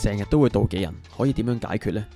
成日都會妒忌人，可以點樣解決呢？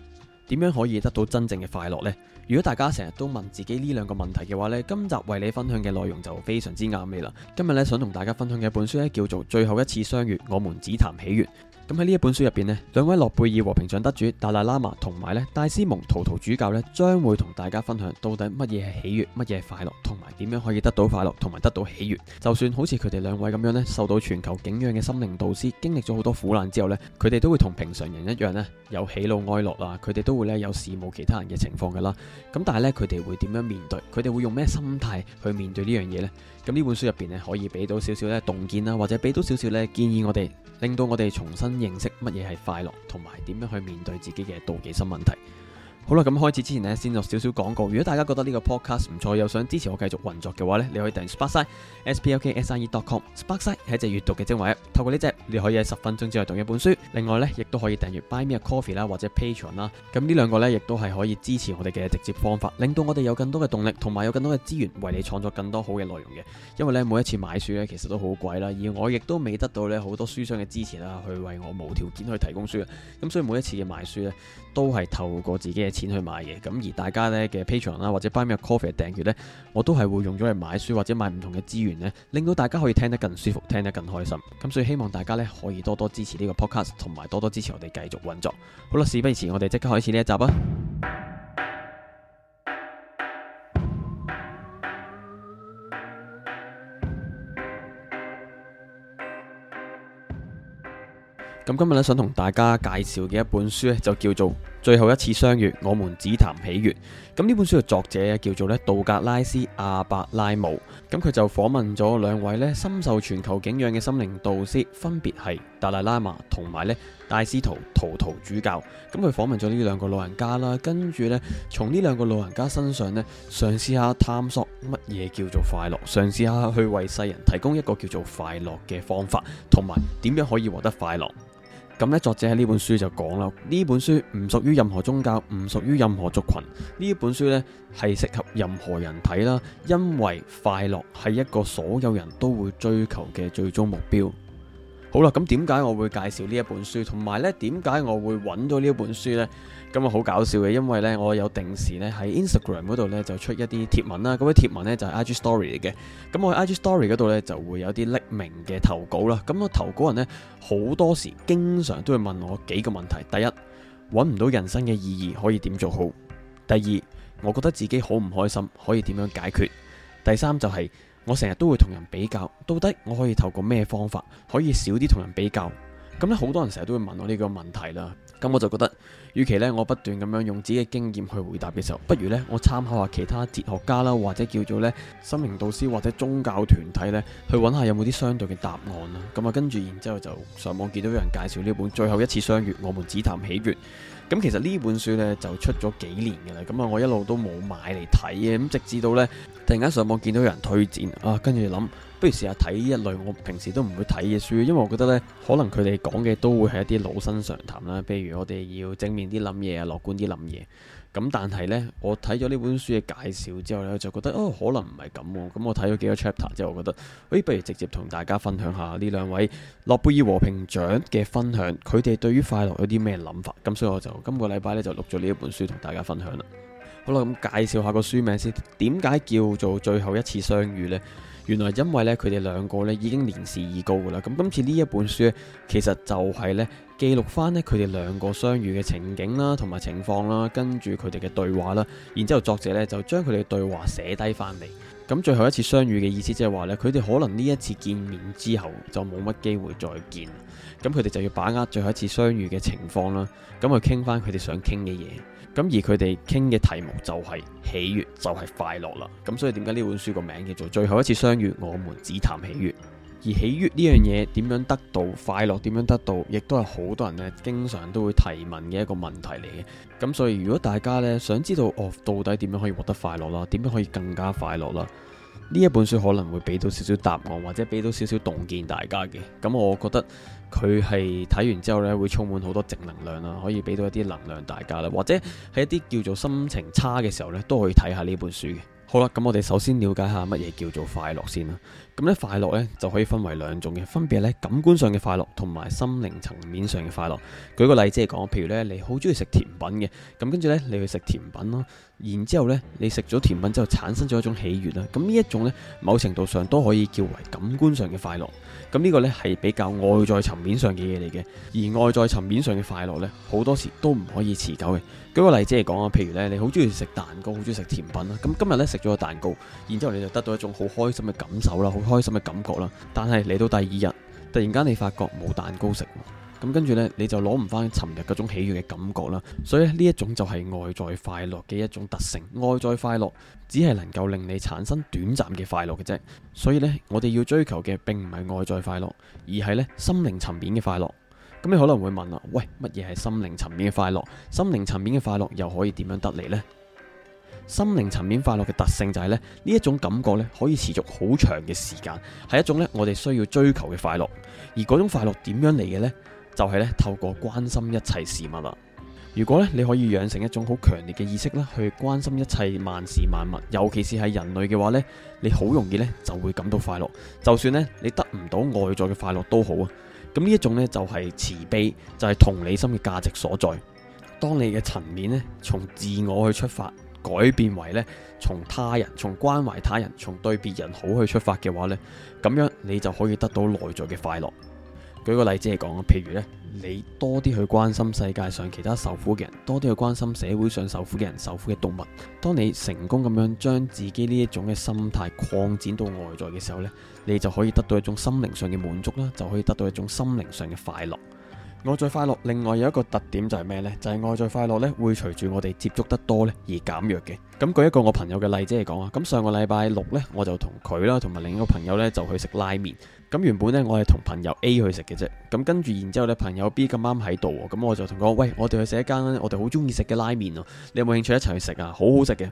點樣可以得到真正嘅快樂呢？如果大家成日都問自己呢兩個問題嘅話呢，今集為你分享嘅內容就非常之啱你啦。今日呢，想同大家分享嘅一本書叫做《最後一次相遇，我們只談喜悅》。咁喺呢一本書入邊呢，兩位諾貝爾和平獎得主達賴喇嘛同埋呢，戴斯蒙·圖圖主教呢，將會同大家分享到底乜嘢係喜悅，乜嘢係快樂，同埋點樣可以得到快樂同埋得到喜悅。就算好似佢哋兩位咁樣呢，受到全球景仰嘅心靈導師，經歷咗好多苦難之後呢，佢哋都會同平常人一樣呢，有喜怒哀樂啊，佢哋都會。咧有事冇其他人嘅情況噶啦，咁但係咧佢哋會點樣面對？佢哋會用咩心態去面對呢樣嘢呢？咁呢本書入邊咧可以俾到少少咧洞見啦，或者俾到少少咧建議我哋，令到我哋重新認識乜嘢係快樂，同埋點樣去面對自己嘅妒忌心問題。好啦，咁開始之前呢，先做少少廣告。如果大家覺得呢個 podcast 唔錯，又想支持我繼續運作嘅話呢，你可以訂閱 Sparkside、S P L K S I E dot com。Sparkside 係一隻閱讀嘅精華，透過呢隻，你可以喺十分鐘之內讀一本書。另外呢，亦都可以訂閱 Buy Me a Coffee 啦，或者 Patreon 啦。咁呢兩個呢，亦都係可以支持我哋嘅直接方法，令到我哋有更多嘅動力，同埋有更多嘅資源為你創作更多好嘅內容嘅。因為呢，每一次買書呢，其實都好貴啦，而我亦都未得到呢好多書商嘅支持啦，去為我無條件去提供書。咁所以每一次嘅買書呢。都係透過自己嘅錢去買嘢。咁而大家咧嘅 Patreon 啦、啊，或者 Buy Me a Coffee 訂閱呢，我都係會用咗嚟買書或者買唔同嘅資源呢，令到大家可以聽得更舒服，聽得更開心。咁所以希望大家呢，可以多多支持呢個 podcast，同埋多多支持我哋繼續運作。好啦，事不宜遲，我哋即刻開始呢一集啊！咁今日咧想同大家介紹嘅一本書咧就叫做《最後一次相遇，我們只談喜悅》。咁呢本書嘅作者叫做咧道格拉斯阿伯拉姆。咁佢就訪問咗兩位咧深受全球景仰嘅心靈導師，分別係達賴喇嘛同埋咧大司徒圖圖主教。咁佢訪問咗呢兩個老人家啦，跟住咧從呢兩個老人家身上咧嘗試下探索乜嘢叫做快樂，嘗試下去為世人提供一個叫做快樂嘅方法，同埋點樣可以獲得快樂。咁呢作者喺呢本書就講啦，呢本書唔屬於任何宗教，唔屬於任何族群。呢本書呢係適合任何人睇啦，因為快樂係一個所有人都會追求嘅最終目標。好啦，咁點解我會介紹呢一本書，同埋呢點解我會揾到呢一本書呢？咁啊好搞笑嘅，因為呢，我有定時呢喺 Instagram 嗰度呢就出一啲貼文啦。嗰啲貼文呢就係、是、IG Story 嚟嘅。咁我喺 IG Story 嗰度呢，就會有啲匿名嘅投稿啦。咁、那、啊、個、投稿人呢，好多時經常都會問我幾個問題：第一，揾唔到人生嘅意義可以點做好？第二，我覺得自己好唔開心可以點樣解決？第三就係、是。我成日都會同人比較，到底我可以透過咩方法可以少啲同人比較？咁咧，好多人成日都會問我呢個問題啦。咁我就覺得，與其呢，我不斷咁樣用自己嘅經驗去回答嘅時候，不如呢，我參考下其他哲學家啦，或者叫做呢，心靈導師或者宗教團體呢，去揾下有冇啲相對嘅答案啦。咁啊，跟住然之後就上網見到有人介紹呢本《最後一次相遇》，我們只談喜悅。咁其實呢本書呢，就出咗幾年嘅啦，咁啊我一路都冇買嚟睇嘅，咁直至到呢，突然間上網見到有人推薦，啊跟住諗，不如試下睇呢一類我平時都唔會睇嘅書，因為我覺得呢，可能佢哋講嘅都會係一啲老生常談啦，譬如我哋要正面啲諗嘢啊，樂觀啲諗嘢。咁但係呢，我睇咗呢本書嘅介紹之後咧，我就覺得哦，可能唔係咁喎。咁、嗯、我睇咗幾個 chapter 之後，我覺得，誒，不如直接同大家分享下呢兩位諾貝爾和平獎嘅分享，佢哋對於快樂有啲咩諗法？咁所以我就今個禮拜呢，就錄咗呢一本書同大家分享啦。好啦，咁、嗯、介紹下個書名先，點解叫做《最後一次相遇》呢？原來因為呢，佢哋兩個呢已經年事已高啦。咁今次呢一本書呢其實就係呢。記錄翻呢佢哋兩個相遇嘅情景啦，同埋情況啦，跟住佢哋嘅對話啦，然之後作者呢就將佢哋嘅對話寫低翻嚟。咁最後一次相遇嘅意思即係話呢，佢哋可能呢一次見面之後就冇乜機會再見。咁佢哋就要把握最後一次相遇嘅情況啦，咁去傾翻佢哋想傾嘅嘢。咁而佢哋傾嘅題目就係喜悅，就係快樂啦。咁所以點解呢本書個名叫做《最後一次相遇》，我們只談喜悅？而喜悅呢樣嘢，點樣得到快樂？點樣得到？亦都係好多人呢經常都會提問嘅一個問題嚟嘅。咁所以如果大家呢想知道哦，到底點樣可以獲得快樂啦？點樣可以更加快樂啦？呢一本書可能會俾到少少答案，或者俾到少少洞見大家嘅。咁我覺得佢係睇完之後呢會充滿好多正能量啦，可以俾到一啲能量大家啦。或者喺一啲叫做心情差嘅時候呢都可以睇下呢本書嘅。好啦，咁我哋首先了解下乜嘢叫做快樂先啦。咁咧快樂咧就可以分為兩種嘅，分別咧感官上嘅快樂同埋心靈層面上嘅快樂。舉個例子嚟講，譬如咧你好中意食甜品嘅，咁跟住咧你去食甜品囉，然之後咧你食咗甜品之後產生咗一種喜悅啦，咁呢一種咧某程度上都可以叫為感官上嘅快樂。咁呢個咧係比較外在層面上嘅嘢嚟嘅，而外在層面上嘅快樂咧好多時都唔可以持久嘅。舉個例子嚟講啊，譬如咧你好中意食蛋糕，好中意食甜品啦，咁今日咧食咗個蛋糕，然之後你就得到一種好開心嘅感受啦，好～開心嘅感覺啦，但係嚟到第二日，突然間你發覺冇蛋糕食，咁跟住呢，你就攞唔返尋日嗰種喜悦嘅感覺啦，所以呢一種就係外在快樂嘅一種特性，外在快樂只係能夠令你產生短暫嘅快樂嘅啫，所以呢，我哋要追求嘅並唔係外在快樂，而係呢，心靈層面嘅快樂。咁你可能會問啦，喂，乜嘢係心靈層面嘅快樂？心靈層面嘅快樂又可以點樣得嚟呢？心靈層面快樂嘅特性就係咧，呢一種感覺咧可以持續好長嘅時間，係一種咧我哋需要追求嘅快樂。而嗰種快樂點樣嚟嘅呢？就係咧透過關心一切事物啊。如果咧你可以養成一種好強烈嘅意識咧，去關心一切萬事萬物，尤其是係人類嘅話咧，你好容易咧就會感到快樂。就算咧你得唔到外在嘅快樂都好啊。咁呢一種咧就係慈悲，就係同理心嘅價值所在。當你嘅層面咧從自我去出發。改變為咧，從他人，從關懷他人，從對別人好去出發嘅話呢，咁樣你就可以得到內在嘅快樂。舉個例子嚟講，譬如咧，你多啲去關心世界上其他受苦嘅人，多啲去關心社會上受苦嘅人、受苦嘅動物。當你成功咁樣將自己呢一種嘅心態擴展到外在嘅時候呢,你就可以得到一種心靈上嘅滿足啦，就可以得到一種心靈上嘅快樂。外在快樂，另外有一個特點就係咩呢？就係、是、外在快樂呢，會隨住我哋接觸得多呢而減弱嘅。咁舉一個我朋友嘅例子說，子嚟講啊。咁上個禮拜六呢，我就同佢啦，同埋另一個朋友呢，就去食拉麵。咁原本呢，我係同朋友 A 去食嘅啫。咁跟住然、哦、之後呢，朋友 B 咁啱喺度喎。咁我就同佢講：喂，我哋去食一間我哋好中意食嘅拉麵喎。你有冇興趣一齊去食啊？好好食嘅。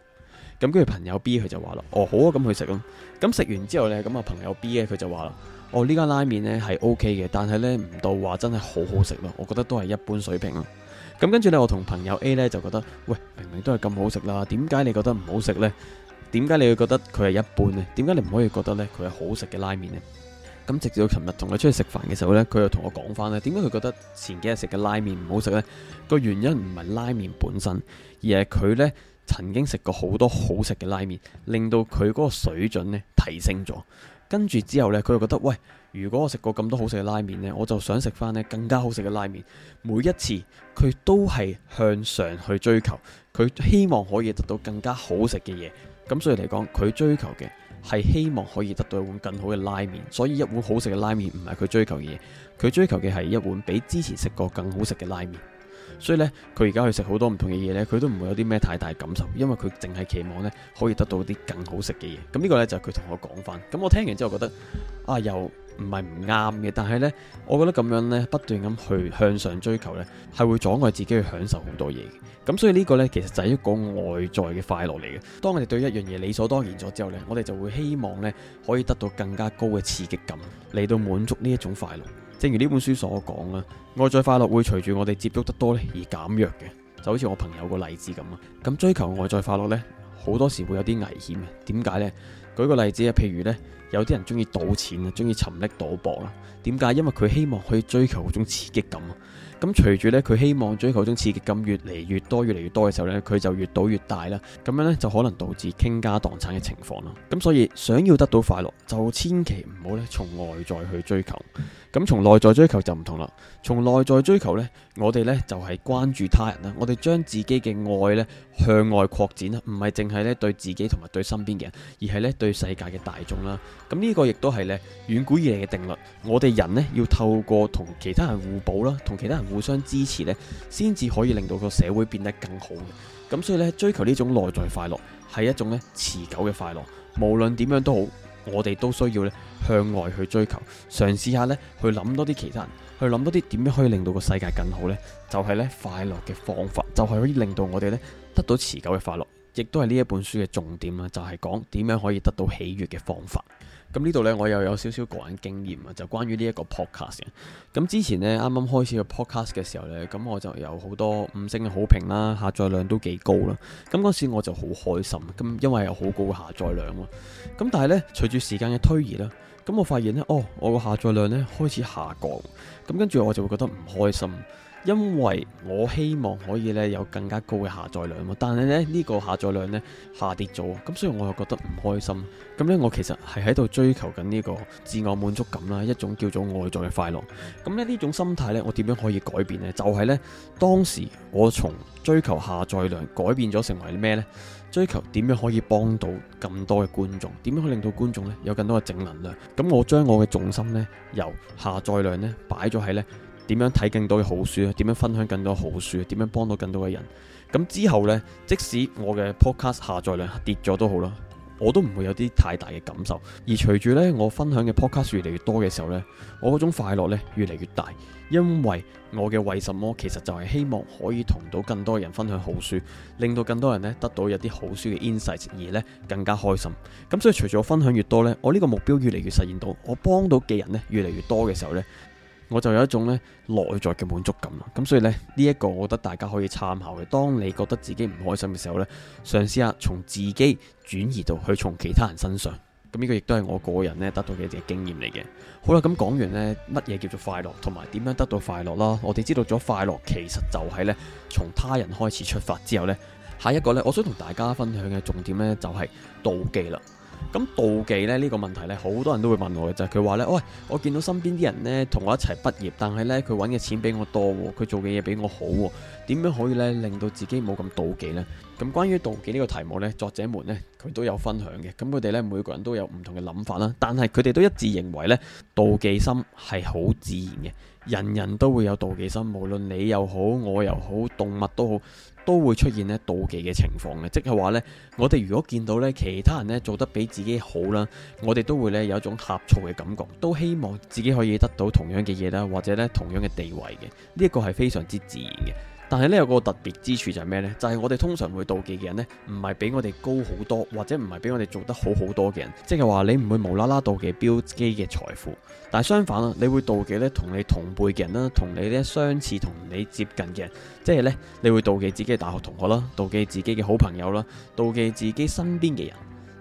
咁跟住朋友 B 佢就話啦：哦，好啊，咁去食咯。咁食完之後呢，咁啊朋友 B 呢，佢就話啦。我呢間拉麵呢係 OK 嘅，但係呢唔到話真係好好食咯，我覺得都係一般水平咯。咁跟住呢，我同朋友 A 呢就覺得，「喂，明明都係咁好食啦，點解你覺得唔好食呢？點解你會覺得佢係一般呢？點解你唔可以覺得呢佢係好食嘅拉麵呢？」咁直至到琴日同佢出去食飯嘅時候呢，佢又同我講翻呢，點解佢覺得前幾日食嘅拉麵唔好食呢？個原因唔係拉麵本身，而係佢呢曾經食過好多好食嘅拉麵，令到佢嗰個水準呢提升咗。跟住之後呢，佢就覺得喂，如果我食過咁多好食嘅拉麵呢，我就想食翻呢更加好食嘅拉麵。每一次佢都係向上去追求，佢希望可以得到更加好食嘅嘢。咁所以嚟講，佢追求嘅係希望可以得到一碗更好嘅拉麵。所以一碗好食嘅拉麵唔係佢追求嘅嘢，佢追求嘅係一碗比之前食過更好食嘅拉麵。所以咧，佢而家去食好多唔同嘅嘢呢，佢都唔會有啲咩太大感受，因為佢淨係期望呢可以得到啲更好食嘅嘢。咁呢個呢，就係佢同我講翻。咁我聽完之後覺得，啊，又唔係唔啱嘅。但係呢，我覺得咁樣呢，不斷咁去向上追求呢，係會阻礙自己去享受好多嘢嘅。咁所以呢個呢，其實就係一個外在嘅快樂嚟嘅。當我哋對一樣嘢理所當然咗之後呢，我哋就會希望呢，可以得到更加高嘅刺激感嚟到滿足呢一種快樂。正如呢本書所講啦，外在快樂會隨住我哋接觸得多咧而減弱嘅，就好似我朋友個例子咁啊。咁追求外在快樂呢，好多時會有啲危險嘅。點解呢？舉個例子啊，譬如呢有啲人中意賭錢啊，中意沉溺賭博啦。點解？因為佢希望可以追求嗰種刺激感啊。咁隨住呢，佢希望追求嗰種刺激感越嚟越多，越嚟越多嘅時候呢，佢就越賭越大啦。咁樣呢，就可能導致傾家蕩產嘅情況啦。咁所以想要得到快樂，就千祈唔好呢從外在去追求。咁從內在追求就唔同啦，從內在追求呢，我哋呢就係關注他人啦，我哋將自己嘅愛呢向外擴展啦，唔係淨係呢對自己同埋對身邊嘅人，而係呢對世界嘅大眾啦。咁呢個亦都係呢遠古以嚟嘅定律，我哋人呢，要透過同其他人互補啦，同其他人互相支持呢，先至可以令到個社會變得更好嘅。咁所以呢，追求呢種內在快樂係一種呢持久嘅快樂，無論點樣都好，我哋都需要咧向外去追求，嘗試下咧去諗多啲其他人，去諗多啲點樣可以令到個世界更好呢。就係咧快樂嘅方法，就係可以令到我哋咧得到持久嘅快樂，亦都係呢一本書嘅重點啦。就係講點樣可以得到喜悅嘅方法。咁呢度呢，我又有少少個人經驗啊，就關於呢一個 podcast 嘅。咁之前呢，啱啱開始個 podcast 嘅時候呢，咁我就有好多五星嘅好評啦，下載量都幾高啦。咁嗰時我就好開心，咁因為有好高嘅下載量喎。咁但係呢，隨住時間嘅推移呢，咁我發現呢，哦，我個下載量呢開始下降，咁跟住我就會覺得唔開心。因為我希望可以咧有更加高嘅下載量，但係咧呢個下載量咧下跌咗，咁所以我又覺得唔開心。咁呢，我其實係喺度追求緊呢個自我滿足感啦，一種叫做外在嘅快樂。咁咧呢種心態呢，我點樣可以改變呢？就係呢，當時我從追求下載量改變咗成為咩呢？追求點樣可以幫到更多嘅觀眾？點樣可以令到觀眾咧有更多嘅正能量？咁我將我嘅重心呢，由下載量呢擺咗喺呢。點樣睇更多嘅好書啊？點樣分享更多好書？點樣幫到更多嘅人？咁之後呢，即使我嘅 podcast 下載量跌咗都好啦，我都唔會有啲太大嘅感受。而隨住呢，我分享嘅 podcast 越嚟越多嘅時候呢，我嗰種快樂呢，越嚟越大，因為我嘅為什麼其實就係希望可以同到更多人分享好書，令到更多人呢得到一啲好書嘅 insight，而呢更加開心。咁所以隨住我分享越多呢，我呢個目標越嚟越實現到，我幫到嘅人呢越嚟越多嘅時候呢。我就有一種咧內在嘅滿足感啦，咁所以咧，呢一個我覺得大家可以參考嘅，當你覺得自己唔開心嘅時候呢，嘗試下從自己轉移到去從其他人身上，咁呢個亦都係我個人呢得到嘅一啲經驗嚟嘅。好啦，咁講完呢，乜嘢叫做快樂，同埋點樣得到快樂啦，我哋知道咗快樂其實就係呢：從他人開始出發之後呢，下一個呢，我想同大家分享嘅重點呢，就係妒忌啦。咁妒忌咧呢，呢個問題呢，好多人都會問我嘅就係佢話呢，喂，我見到身邊啲人呢，同我一齊畢業，但係呢，佢揾嘅錢比我多，佢做嘅嘢比我好，點樣可以呢，令到自己冇咁妒忌呢？咁關於妒忌呢個題目呢，作者們呢，佢都有分享嘅。咁佢哋呢，每個人都有唔同嘅諗法啦。但係佢哋都一致認為呢，妒忌心係好自然嘅。人人都會有妒忌心，無論你又好，我又好，動物都好，都會出現呢妒忌嘅情況嘅。即係話呢，我哋如果見到呢其他人呢做得比自己好啦，我哋都會呢有一種呷醋嘅感覺，都希望自己可以得到同樣嘅嘢啦，或者呢同樣嘅地位嘅。呢一個係非常之自然嘅。但係咧有個特別之處就係咩呢？就係我哋通常會妒忌嘅人呢，唔係比我哋高好多，或者唔係比我哋做得好好多嘅人。即係話你唔會無啦啦妒忌 Bill Gates 嘅財富，但係相反啦，你會妒忌咧同你同輩嘅人啦，同你咧相似同你接近嘅人。即係呢，你會妒忌自己嘅大學同學啦，妒忌自己嘅好朋友啦，妒忌自己身邊嘅人。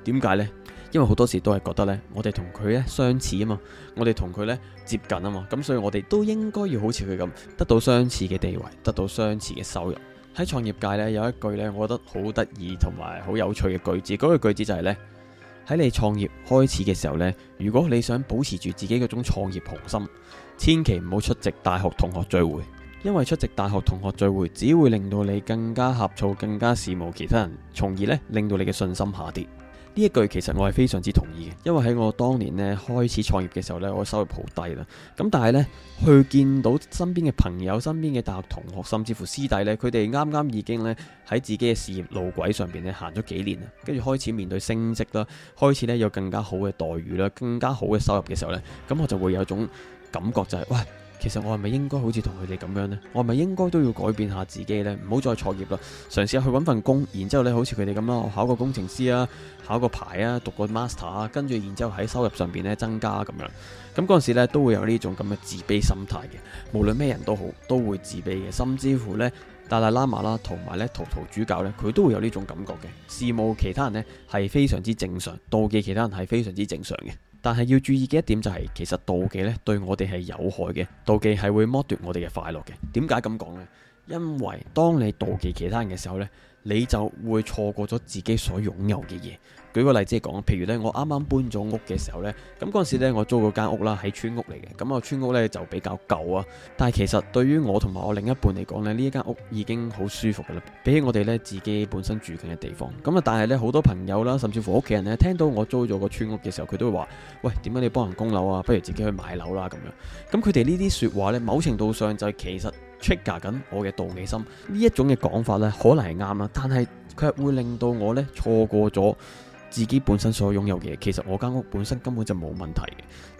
點解呢？因為好多時都係覺得呢，我哋同佢呢相似啊嘛，我哋同佢呢接近啊嘛，咁所以我哋都應該要好似佢咁，得到相似嘅地位，得到相似嘅收入。喺創業界呢，有一句呢，我覺得好得意同埋好有趣嘅句子。嗰句句子就係呢：「喺你創業開始嘅時候呢，如果你想保持住自己嗰種創業雄心，千祈唔好出席大學同學聚會，因為出席大學同學聚會只會令到你更加呷醋，更加羨慕其他人，從而呢令到你嘅信心下跌。」呢一句其實我係非常之同意嘅，因為喺我當年呢開始創業嘅時候呢，我收入好低啦。咁但係呢，去見到身邊嘅朋友、身邊嘅大學同學，甚至乎師弟呢，佢哋啱啱已經呢喺自己嘅事業路軌上邊呢行咗幾年啦，跟住開始面對升職啦，開始呢有更加好嘅待遇啦，更加好嘅收入嘅時候呢，咁我就會有種感覺就係喂。其實我係咪應該好似同佢哋咁樣呢？我係咪應該都要改變下自己呢？唔好再創業啦，嘗試下去揾份工，然之後呢，好似佢哋咁啦，考個工程師啊，考個牌啊，讀個 master 啊，跟住然之後喺收入上邊呢增加咁樣。咁嗰陣時咧都會有呢種咁嘅自卑心態嘅，無論咩人都好都會自卑嘅，甚至乎呢，大喇喇馬啦同埋咧圖圖主教呢，佢都會有呢種感覺嘅，羨慕其他人呢，係非常之正常，妒忌其他人係非常之正常嘅。但係要注意嘅一點就係，其實妒忌咧對我哋係有害嘅，妒忌係會剝奪我哋嘅快樂嘅。點解咁講咧？因為當你妒忌其他人嘅時候咧。你就會錯過咗自己所擁有嘅嘢。舉個例子嚟講，譬如呢，我啱啱搬咗屋嘅時候呢，咁嗰陣時呢，我租嗰間屋啦，喺村屋嚟嘅。咁啊，村屋呢就比較舊啊。但係其實對於我同埋我另一半嚟講呢，呢一間屋已經好舒服㗎喇。比起我哋呢自己本身住緊嘅地方。咁啊，但係呢，好多朋友啦，甚至乎屋企人呢，聽到我租咗個村屋嘅時候，佢都會話：「喂，點解你幫人供樓啊？不如自己去買樓啦咁樣。咁佢哋呢啲説話呢，某程度上就係其實。Check 緊我嘅妒忌心呢一種嘅講法呢，可能係啱啦，但係佢會令到我呢錯過咗自己本身所擁有嘅嘢。其實我間屋本身根本就冇問題，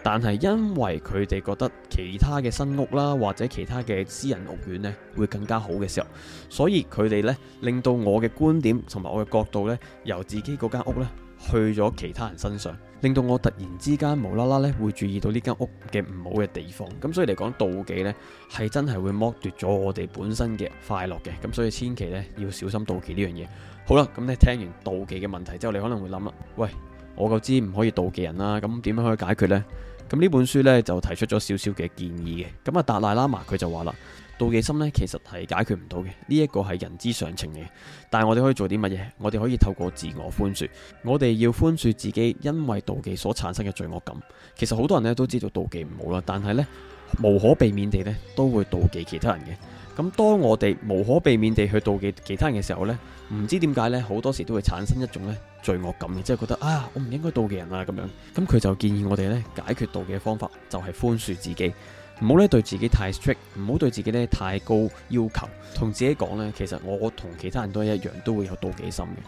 但係因為佢哋覺得其他嘅新屋啦，或者其他嘅私人屋苑呢會更加好嘅時候，所以佢哋呢令到我嘅觀點同埋我嘅角度呢，由自己嗰間屋呢，去咗其他人身上，令到我突然之間無啦啦咧會注意到呢間屋嘅唔好嘅地方，咁所以嚟講，妒忌呢係真係會剝奪咗我哋本身嘅快樂嘅，咁所以千祈呢要小心妒忌呢樣嘢。好啦，咁你聽完妒忌嘅問題之後，你可能會諗啦，喂，我就知唔可以妒忌人啦，咁點樣可以解決呢？」咁呢本書呢就提出咗少少嘅建議嘅，咁啊達賴喇嘛佢就話啦。妒忌心呢，其實係解決唔到嘅，呢一個係人之常情嘅，但係我哋可以做啲乜嘢？我哋可以透過自我寬恕，我哋要寬恕自己，因為妒忌所產生嘅罪惡感。其實好多人呢都知道妒忌唔好啦，但係呢，無可避免地呢，都會妒忌其他人嘅。咁當我哋無可避免地去妒忌其他人嘅時候呢，唔知點解呢，好多時都會產生一種呢罪惡感嘅，即係覺得啊，我唔應該妒忌人啊咁樣。咁佢就建議我哋呢，解決妒忌嘅方法就係寬恕自己。唔好咧，對自己太 strict，唔好對自己咧太高要求，同自己講呢，其實我同其他人都係一樣，都會有妒忌心嘅，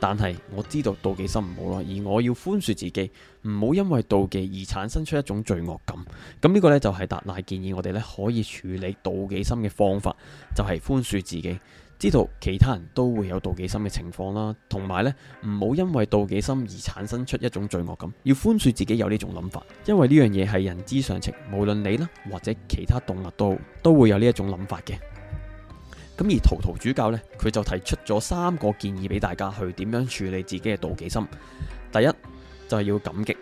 但係我知道妒忌心唔好咯，而我要寬恕自己，唔好因為妒忌而產生出一種罪惡感，咁呢個呢，就係達賴建議我哋呢可以處理妒忌心嘅方法，就係、是、寬恕自己。知道其他人都會有妒忌心嘅情況啦，同埋呢，唔好因為妒忌心而產生出一種罪惡感，要寬恕自己有呢種諗法，因為呢樣嘢係人之常情，無論你啦或者其他動物都都會有呢一種諗法嘅。咁而圖圖主教呢，佢就提出咗三個建議俾大家去點樣處理自己嘅妒忌心。第一就係要感激。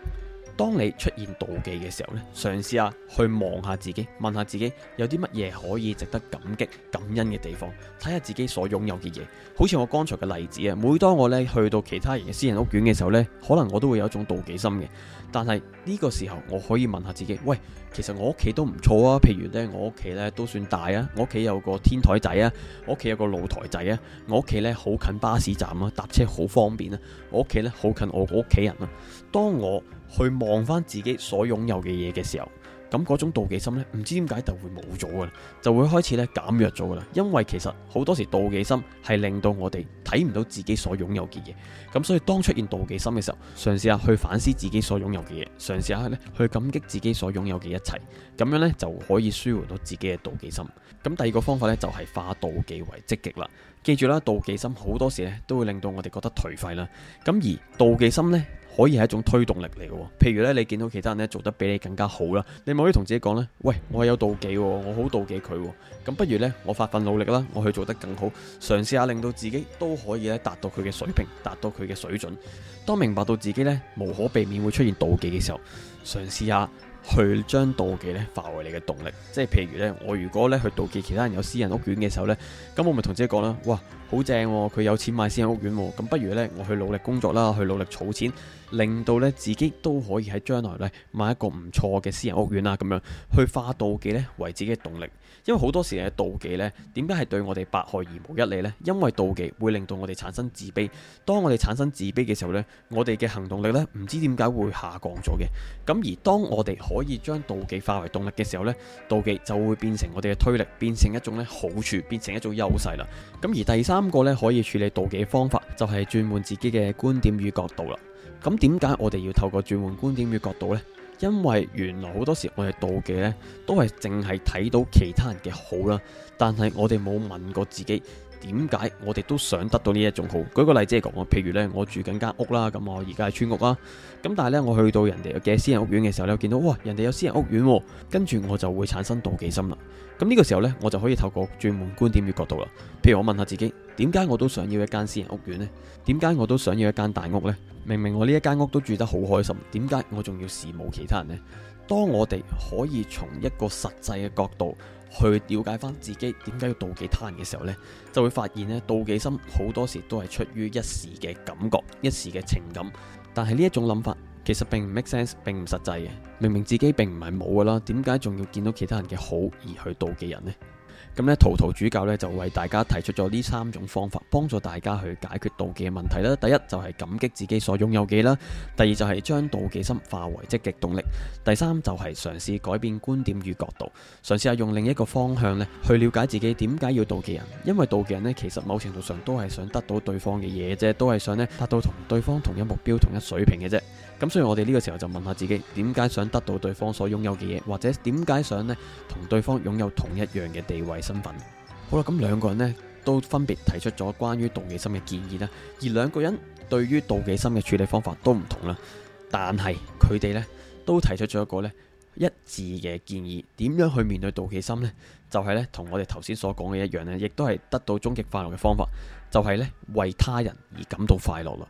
當你出現妒忌嘅時候呢，嘗試下去望下自己，問下自己有啲乜嘢可以值得感激、感恩嘅地方，睇下自己所擁有嘅嘢。好似我剛才嘅例子啊，每當我呢去到其他人嘅私人屋苑嘅時候呢，可能我都會有一種妒忌心嘅。但係呢個時候，我可以問下自己：「喂，其實我屋企都唔錯啊。譬如呢，我屋企呢都算大啊，我屋企有個天台仔啊，我屋企有個露台仔啊，我屋企呢好近巴士站啦，搭車好方便啦，我屋企呢好近我屋企人啦。當我去望翻自己所擁有嘅嘢嘅時候，咁嗰種妒忌心呢，唔知點解就會冇咗噶啦，就會開始咧減弱咗噶啦。因為其實好多時妒忌心係令到我哋睇唔到自己所擁有嘅嘢，咁所以當出現妒忌心嘅時候，嘗試下去反思自己所擁有嘅嘢，嘗試下咧去感激自己所擁有嘅一切，咁樣呢，就可以舒緩到自己嘅妒忌心。咁第二個方法呢，就係化妒忌為積極啦。記住啦，妒忌心好多時呢，都會令到我哋覺得頹廢啦。咁而妒忌心呢，可以係一種推動力嚟嘅，譬如咧，你見到其他人咧做得比你更加好啦，你咪可以同自己講咧：喂，我係有妒忌，我好妒忌佢，咁不如呢，我發奮努力啦，我去做得更好，嘗試下令到自己都可以咧達到佢嘅水平，達到佢嘅水準。當明白到自己呢無可避免會出現妒忌嘅時候，嘗試下，去將妒忌咧化為你嘅動力，即係譬如呢，我如果咧去妒忌其他人有私人屋苑嘅時候呢，咁我咪同自己講啦，哇，好正喎，佢有錢買私人屋苑喎，哦，咁不如呢，我去努力工作啦，去努力儲錢，令到呢自己都可以喺將來呢買一個唔錯嘅私人屋苑啊，咁樣去化妒忌呢為自己嘅動力，因為好多時嘅妒忌呢，點解係對我哋百害而無一利呢？因為妒忌會令到我哋產生自卑，當我哋產生自卑嘅時候呢，我哋嘅行動力呢唔知點解會下降咗嘅，咁而當我哋可以將妒忌化為動力嘅時候咧，妒忌就會變成我哋嘅推力，變成一種咧好處，變成一種優勢啦。咁而第三個咧可以處理妒忌嘅方法，就係轉換自己嘅觀點與角度啦。咁點解我哋要透過轉換觀點與角度呢？因為原來好多時我哋妒忌咧，都係淨係睇到其他人嘅好啦，但係我哋冇問過自己。點解我哋都想得到呢一種好？舉個例子嚟講，我譬如呢，我住緊間屋啦，咁我而家係村屋啦，咁但係呢，我去到人哋嘅私人屋苑嘅時候呢，我見到哇，人哋有私人屋苑，跟住我就會產生妒忌心啦。咁、這、呢個時候呢，我就可以透過轉換觀點嘅角度啦。譬如我問下自己，點解我都想要一間私人屋苑呢？點解我都想要一間大屋呢？明明我呢一間屋都住得好開心，點解我仲要羨慕其他人呢？」當我哋可以從一個實際嘅角度。去了解翻自己點解要妒忌他人嘅時候呢，就會發現呢，妒忌心好多時都係出於一時嘅感覺、一時嘅情感。但係呢一種諗法其實並唔 make sense，並唔實際嘅。明明自己並唔係冇㗎啦，點解仲要見到其他人嘅好而去妒忌人呢？咁咧，圖圖主教咧就為大家提出咗呢三種方法，幫助大家去解決妒忌嘅問題啦。第一就係感激自己所擁有嘅啦，第二就係將妒忌心化為積極動力，第三就係嘗試改變觀點與角度，嘗試下用另一個方向咧去了解自己點解要妒忌人，因為妒忌人呢其實某程度上都係想得到對方嘅嘢啫，都係想呢達到同對方同一目標、同一水平嘅啫。咁所以，我哋呢個時候就問下自己，點解想得到對方所擁有嘅嘢，或者點解想呢同對方擁有同一樣嘅地位身份？好啦，咁兩個人呢都分別提出咗關於妒忌心嘅建議啦，而兩個人對於妒忌心嘅處理方法都唔同啦，但係佢哋呢都提出咗一個呢一致嘅建議，點樣去面對妒忌心呢？就係呢同我哋頭先所講嘅一樣，呢亦都係得到終極快樂嘅方法，就係呢為他人而感到快樂啦。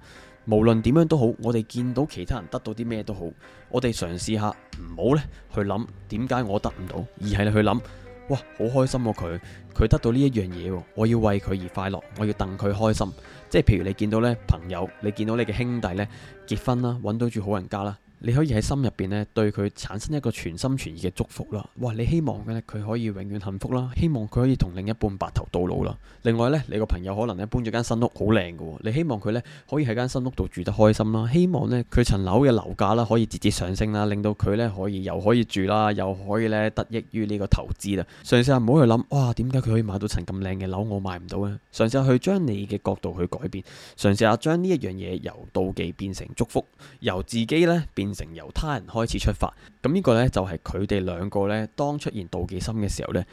無論點樣都好，我哋見到其他人得到啲咩都好，我哋嘗試下唔好咧去諗點解我得唔到，而係你去諗，哇，好開心啊！佢，佢得到呢一樣嘢，我要為佢而快樂，我要戥佢開心。即係譬如你見到咧朋友，你見到你嘅兄弟咧結婚啦，揾到住好人家啦。你可以喺心入邊咧對佢產生一個全心全意嘅祝福啦。哇！你希望嘅佢可以永遠幸福啦，希望佢可以同另一半白頭到老啦。另外呢，你個朋友可能咧搬咗間新屋，好靚嘅喎。你希望佢咧可以喺間新屋度住得開心啦，希望呢佢層樓嘅樓價啦可以節節上升啦，令到佢咧可以又可以住啦，又可以咧得益於呢個投資啦。嘗試下唔好去諗哇，點解佢可以買到層咁靚嘅樓，我買唔到咧。嘗試去將你嘅角度去改變，嘗試下將呢一樣嘢由妒忌變成祝福，由自己咧變。變成由他人開始出發，咁呢個呢，就係佢哋兩個呢，當出現妒忌心嘅時候呢，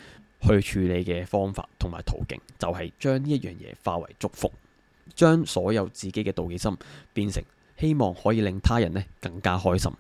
去處理嘅方法同埋途徑，就係將呢一樣嘢化為祝福，將所有自己嘅妒忌心變成希望可以令他人呢更加開心。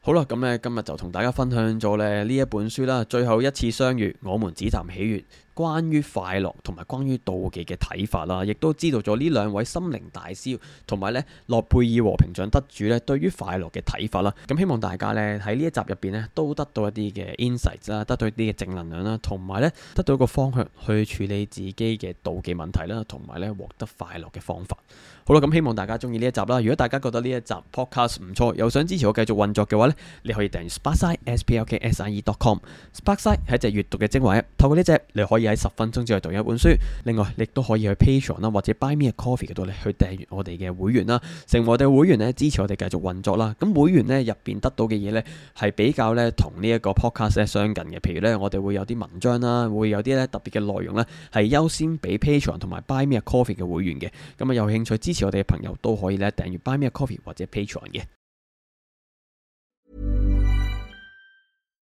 好啦，咁呢今日就同大家分享咗呢呢一本書啦，《最後一次相遇》，我們只談喜悅。關於快樂同埋關於妒忌嘅睇法啦，亦都知道咗呢兩位心靈大師同埋咧諾貝爾和平獎得主咧對於快樂嘅睇法啦。咁希望大家咧喺呢一集入邊咧都得到一啲嘅 insight 啦，得到一啲嘅正能量啦，同埋咧得到一個方向去處理自己嘅妒忌問題啦，同埋咧獲得快樂嘅方法。好啦，咁希望大家中意呢一集啦。如果大家覺得呢一集 podcast 唔錯，又想支持我繼續運作嘅話咧，你可以訂閱 Sparksine，sparksine.com。Sparksine 係一隻閲讀嘅精華，透過呢隻你可以，喺十分鐘之內讀一本書。另外，你都可以去 Patreon 啦，或者 Buy Me A Coffee 嗰度咧，去訂閱我哋嘅會員啦，成為我哋會員咧，支持我哋繼續運作啦。咁會員咧入邊得到嘅嘢咧，係比較咧同呢一個 Podcast 咧相近嘅。譬如咧，我哋會有啲文章啦，會有啲咧特別嘅內容咧，係優先俾 Patreon 同埋 Buy Me A Coffee 嘅會員嘅。咁啊，有興趣支持我哋嘅朋友都可以咧，訂閱 Buy Me A Coffee 或者 Patreon 嘅。